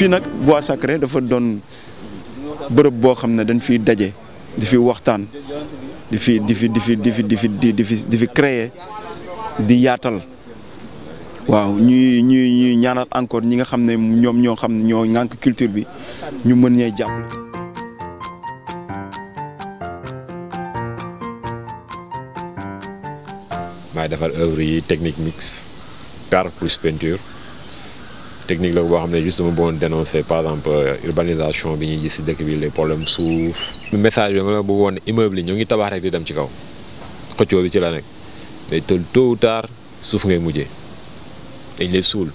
fii nag bois sacré dafa doon bërëb boo xam ne dañ fi daje di fi waxtaan di fi di fi di fi di fi di fi di fi di fi créer di yaatal waaw ñuy ñuy ñuy ñaanal encore ñi nga xam ne ñoom ñoo xam ne ñoo ŋànk culture bi ñu mën ñee jàppale. defar œuvre yi technique mix technique la boo xam ne juste ma bëggoon dénoncer par exemple euh, urbanisation bi ñuy gis si dëkk bi les problèmes suuf. message bi ma la bëggoon immeuble yi ñoo ngi tabax rek di dem ci kaw xëccoo bi ci la nekk mais te tôt ou suuf ngay mujjee suul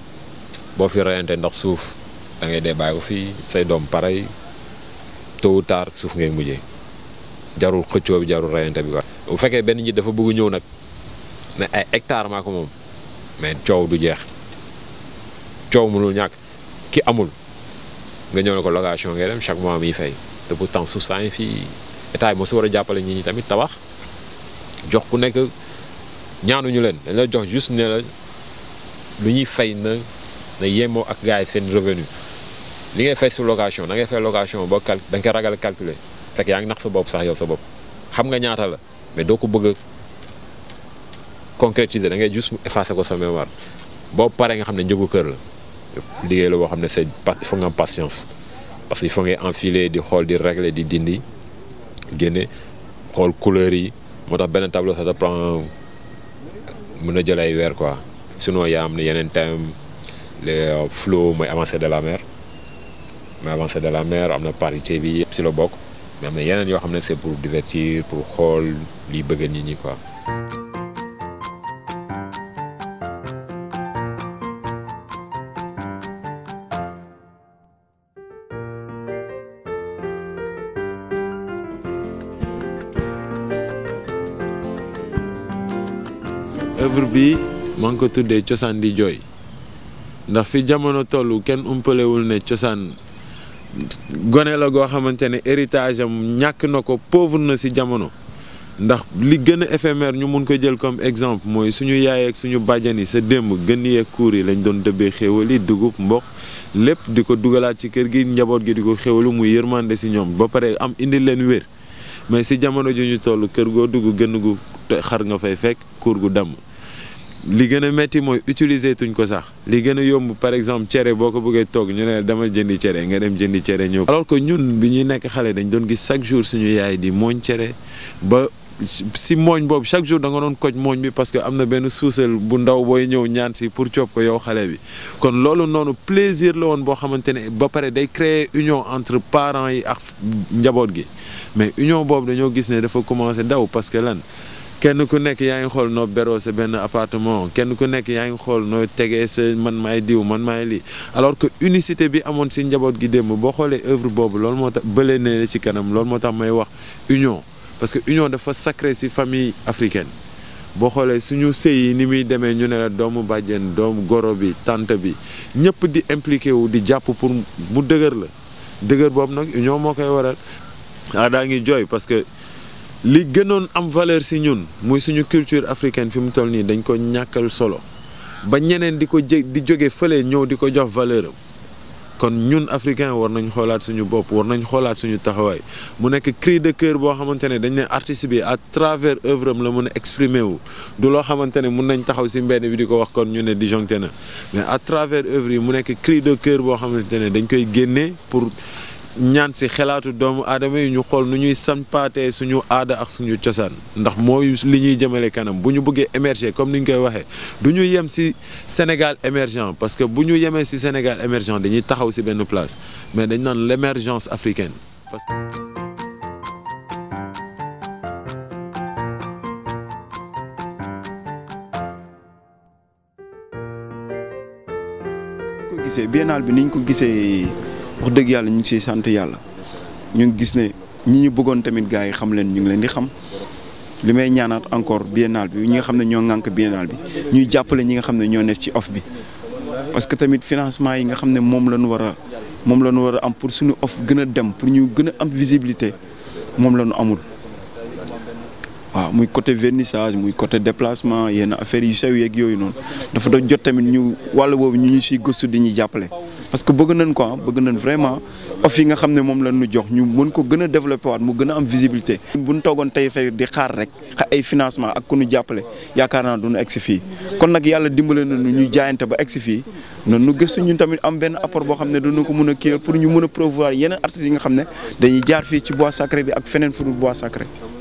boo fi reyante ndax suuf da ngay dee fii say doom pareil tôt ou suuf ngay mujjee jarul xëccoo bi jarul reyante bi quoi. bu fekkee benn ñi dafa bëgg ñëw nag ne ay hectare maa ko moom mais coow du jeex. coow mënul ñàkk ki amul nga ñëw ne ko location ngay dem chaque mois miy fay te temps suuf saa ngi fii état yi moo si war a jàppale ñi ñi tamit tabax jox ku nekk ñaanuñu leen dañ la jox ne la lu ñuy fay na na yemoo ak gars yi seen revenu li ngay fay su location da ngay fay location boo cal da nga koy ragal calculer fekk yaa ngi nax sa bopp sax yow sa bopp xam nga ñaata la mais doo ko bëgg a concrétiser dangay ngay juste effacer ko sa mémoire boo paree nga xam ne njëgu kër la. liggéey la boo xam ne sa il faut nga am patience parce que il faut ngay enfiler di xool di régler di dindi génne xool couleur yi moo tax benn tableau sax da prend mën a jël ay weer quoi sinon yaa am ne yeneen thème le euh, flow mooy avancée de la mer mais avancée de la mer am na parité bi si la bokk ma am na yeneen yoo xam ne c'est pour divertir pour xool liy bëgg nit ñi quoi œuvre bi maa ngi ko tuddee cosaan di jooy ndax fi jamono tollu kenn umpalewul ne cosaan gone la goo xamante ne héritage am ñàkk na ko pauvre na ci jamono ndax li gën a éphémère ñu mun ko jël comme exemple mooy suñu yaay ak suñu bàjjan yi sa démb gën yee kuur yi lañ doon dëbbee xéwal yi dugub mboq lépp di ko dugalaat ci kër gi njaboot gi di ko xéwalu muy yërmandé ci ñoom ba pare am indi leen wér mais si jamono ju ñu toll kër goo dugg gën gu xar nga fay fekk kuur gu damm li gën a métti mooy utiliser tuñ ko sax li gën a yomb par exemple cere boo ko bëggee toog ñu ne demal jëndi cere nga dem jëndi cere ñëw. alors que ñun bi ñuy nekk xale dañ doon gis chaque jour suñu yaay di mooñ cere ba si mooñ boobu chaque jour da nga doon koj mooñ bi parce que am na benn suusal bu ndaw booy ñëw ñaan si pour coob ko yow xale bi. kon loolu noonu plaisir la woon boo xamante ne ba pare day créer union entre parents yi ak njaboot gi mais union boobu dañoo gis ne dafa commencé daw parce que lan. kenn ku nekk yaa ngi xool noo beroo sa benn appartement kenn ku nekk yaa ngi xool noo tegee sa man maay diw man maay lii alors que unisité bi amoon si njaboot gi démb boo xoolee œuvre boobu loolu moo tax bële ne si kanam loolu moo tax may wax union parce que union dafa sacré si famille africaine boo xoolee suñu sëy yi ni muy demee ñu ne la doomu bàjjen doomu goro bi tante bi ñëpp di impliqué wu di jàpp pour mu dëgër la dëgër boobu nag union moo koy waral li gënoon am valeur si ñun muy suñu culture africain fi mu toll nii dañ ko ñàkkal solo ba ñeneen di ko jé di jóge fële ñëw di ko jox valeur kon ñun africain war nañ xoolaat suñu bopp war nañ xoolaat suñu taxawaay mu nekk cri de cœur boo xamante ne dañ ne artiste bi à travers œuvre am la mun a exprimer wu du loo xamante ne mun nañ taxaw si mbenn bi di ko wax kon ñu ne disjoncté na mais à travers œuvre yi mu nekk cri de cœur boo xamante ne dañ koy génnee pour ñaan si xelaatu doomu aadama yi ñu xool nu ñuy sampaatee suñu aada ak suñu cosaan ndax mooy li ñuy jëmale kanam bu ñu bëggee émerge comme ni ñu koy waxee du ñu yem si Sénégal émergent parce que bu ñu yemee si Sénégal émergent dañuy taxaw si benn place mais dañ naan l' émergence africaine parce que. ko gisee bi niñ ko gisee wax dëgg yàlla ñu ngi ciy sant yàlla ñu ngi gis ne ñi ñu bëggoon tamit gars yi xam leen ñu ngi leen di xam li may ñaanaat encore biennale bi ñi nga xam ne ñoo ŋànk biennale bi ñuy jàppale ñi nga xam ne ñoo nekk ci off bi parce que tamit financement yi nga xam ne moom la ñu war a moom la ñu war a am pour suñu off gën a dem pour ñu gën a am visibilité moom la ñu amul waaw muy côté vernissage muy côté déplacement yenn affaires yu sew yeeg yooyu noonu dafa jot tamit ñu wàll boobu ñu ñu siy gëstu di ñuy jàppale parce que bëgg nañ ko ah, bëgg nañ vraiment offre yi nga xam ne moom la ñu jox ñu mën ko gën a développé waat mu gën a am visibilité. bu ñu toogoon tey fay di xaar rek ay financement ak ku ñu jàppale yaakaar naa du ñu egg si fii kon nag yàlla dimbale nañu ñu jaayante ba egg si fii noonu ñu gëstu ñun tamit am benn apport boo xam ne dañu ko mën a kii pour ñu mën a promouvoir yeneen artistes yi nga xam ne dañuy jaar fii ci bois sacré bi ak feneen fu dul bois sacré